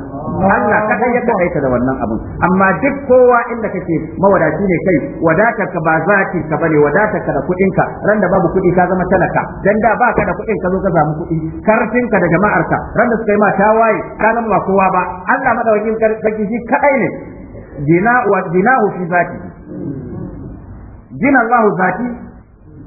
Allah ka kai yadda kai da wannan abun amma duk kowa inda kake mawadaci ne kai wadatar ka ba zaki ka bane wadatar ka da kuɗin ka randa babu kuɗi ka zama talaka dan da baka da kuɗin ka zo ka samu kuɗi karfin ka da jama'ar ka ran da suka yi ma tawaye ka zama ba kowa ba Allah madaukin sarki shi kadai ne jina wa jinahu fi zati Gina Allah zati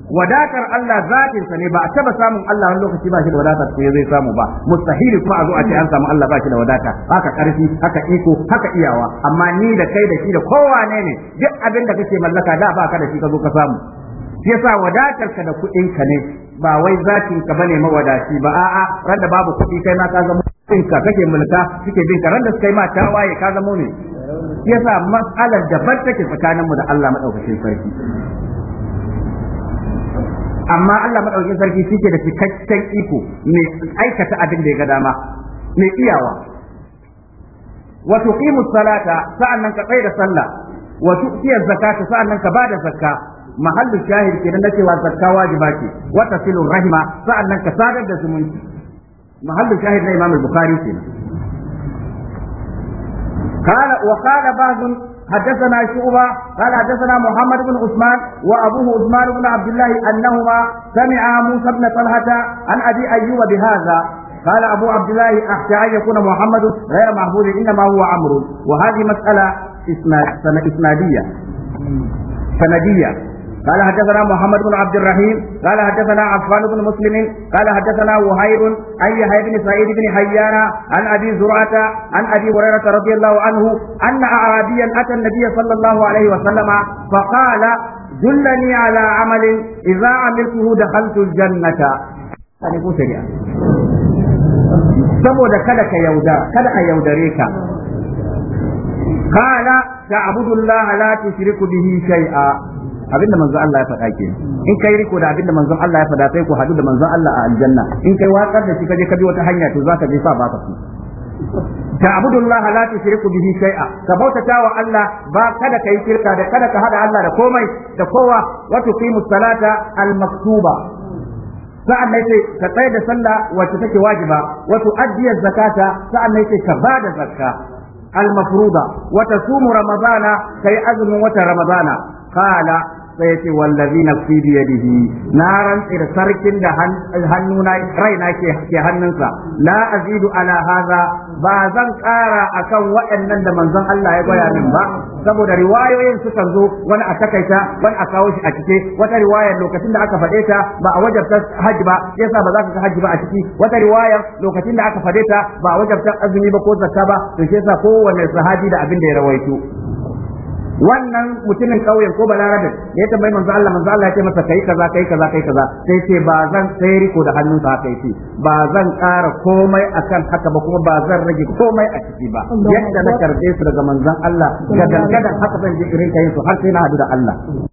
wadatar Allah zatin sa ne ba a taba samun Allah wani lokaci ba shi da wadatar sai zai samu ba mustahili kuma a zo a ce an samu Allah ba shi da wadata haka karfi haka iko haka iyawa amma ni da kai da shi da kowa ne ne duk abin da kake mallaka da ba ka da shi ka zo ka samu shi yasa wadatar ka da kuɗin ka ne ba wai zakin ka bane mawadaci ba a'a ran da babu kuɗi kai ma ka zama ka kake mulka suke bin karan da suka yi ma waye ka zama ne yasa mas'alar da ban take tsakanin mu da Allah madaukakin sarki amma Allah madaukakin sarki suke da cikakken iko mai aikata abin da ya ga dama mai iyawa wa tuqimu salata sa'annan ka tsaya da sallah wa tu'tiya zakata sa'annan ka bada zakka mahallu shahid kenan na cewa zakka wajiba ce wa tasilu rahima sa'annan ka sadar da zumunci محل الشاهد لإمام البخاري فينا قال وقال بعض حدثنا شعبة قال حدثنا محمد بن عثمان وأبوه عثمان بن عبد الله أنهما سمعا موسى بن طلحة عن أبي أيوب بهذا قال أبو عبد الله أخشى أن يكون محمد غير محمود إنما هو عمرو وهذه مسألة إسنادية سندية سندية قال حدثنا محمد بن عبد الرحيم قال حدثنا عفان بن مسلم قال حدثنا وهير عن يحيى بن سعيد بن حيان عن ابي زرعه عن ابي هريره رضي الله عنه ان اعرابيا اتى النبي صلى الله عليه وسلم فقال دلني على عمل اذا عملته دخلت الجنه saboda kada ka yauda kada a yaudare ka قال تعبد الله لا تشرك به شيئا abinda manzon Allah ya faɗa ke in kai riko da abinda manzon Allah ya faɗa sai ku hadu da manzon Allah a aljanna in kai watsar da shi je ka bi wata hanya to zaka je sa baka su تعبد الله sai a. Ka bautata wa Allah ba kada kai shirka da kada ka hada Allah da komai da kowa wa tuqimu salata al-maktuba sa'an nan sai ka tsaya da sallah wacce take wajiba wa tuaddi zakata sa'an nan sai ka bada zakka al-mafruda wa tasumu ramadana kai azumin watan ramadana qala sai ce wallazi nafsi bi na rantsi da sarkin da hannuna raina ke ke hannunsa la azidu ala haza ba zan kara akan waɗannan da manzon Allah ya gwaya min ba saboda riwayoyin sukan zo wani a takaita wani a kawo shi a cike wata riwayar lokacin da aka faɗe ta ba a wajabta hajji ba yasa ba za ka ga hajji ba a ciki wata riwayar lokacin da aka faɗe ta ba a wajabta azumi ba ko zakka ba to shi yasa kowanne sahabi da abin da ya rawaito wannan mutumin kauyen ko balarabe da ya tambayi manzo Allah manzo Allah ya ce masa kai kaza kai kaza kai kaza sai ce ba zan sai riko da hannun sa kai ce ba zan ƙara komai akan haka ba kuma ba zan rage komai a ciki ba yadda na karbe su daga manzon Allah ga dangadan haka zan ji irin kai su har sai na hadu da Allah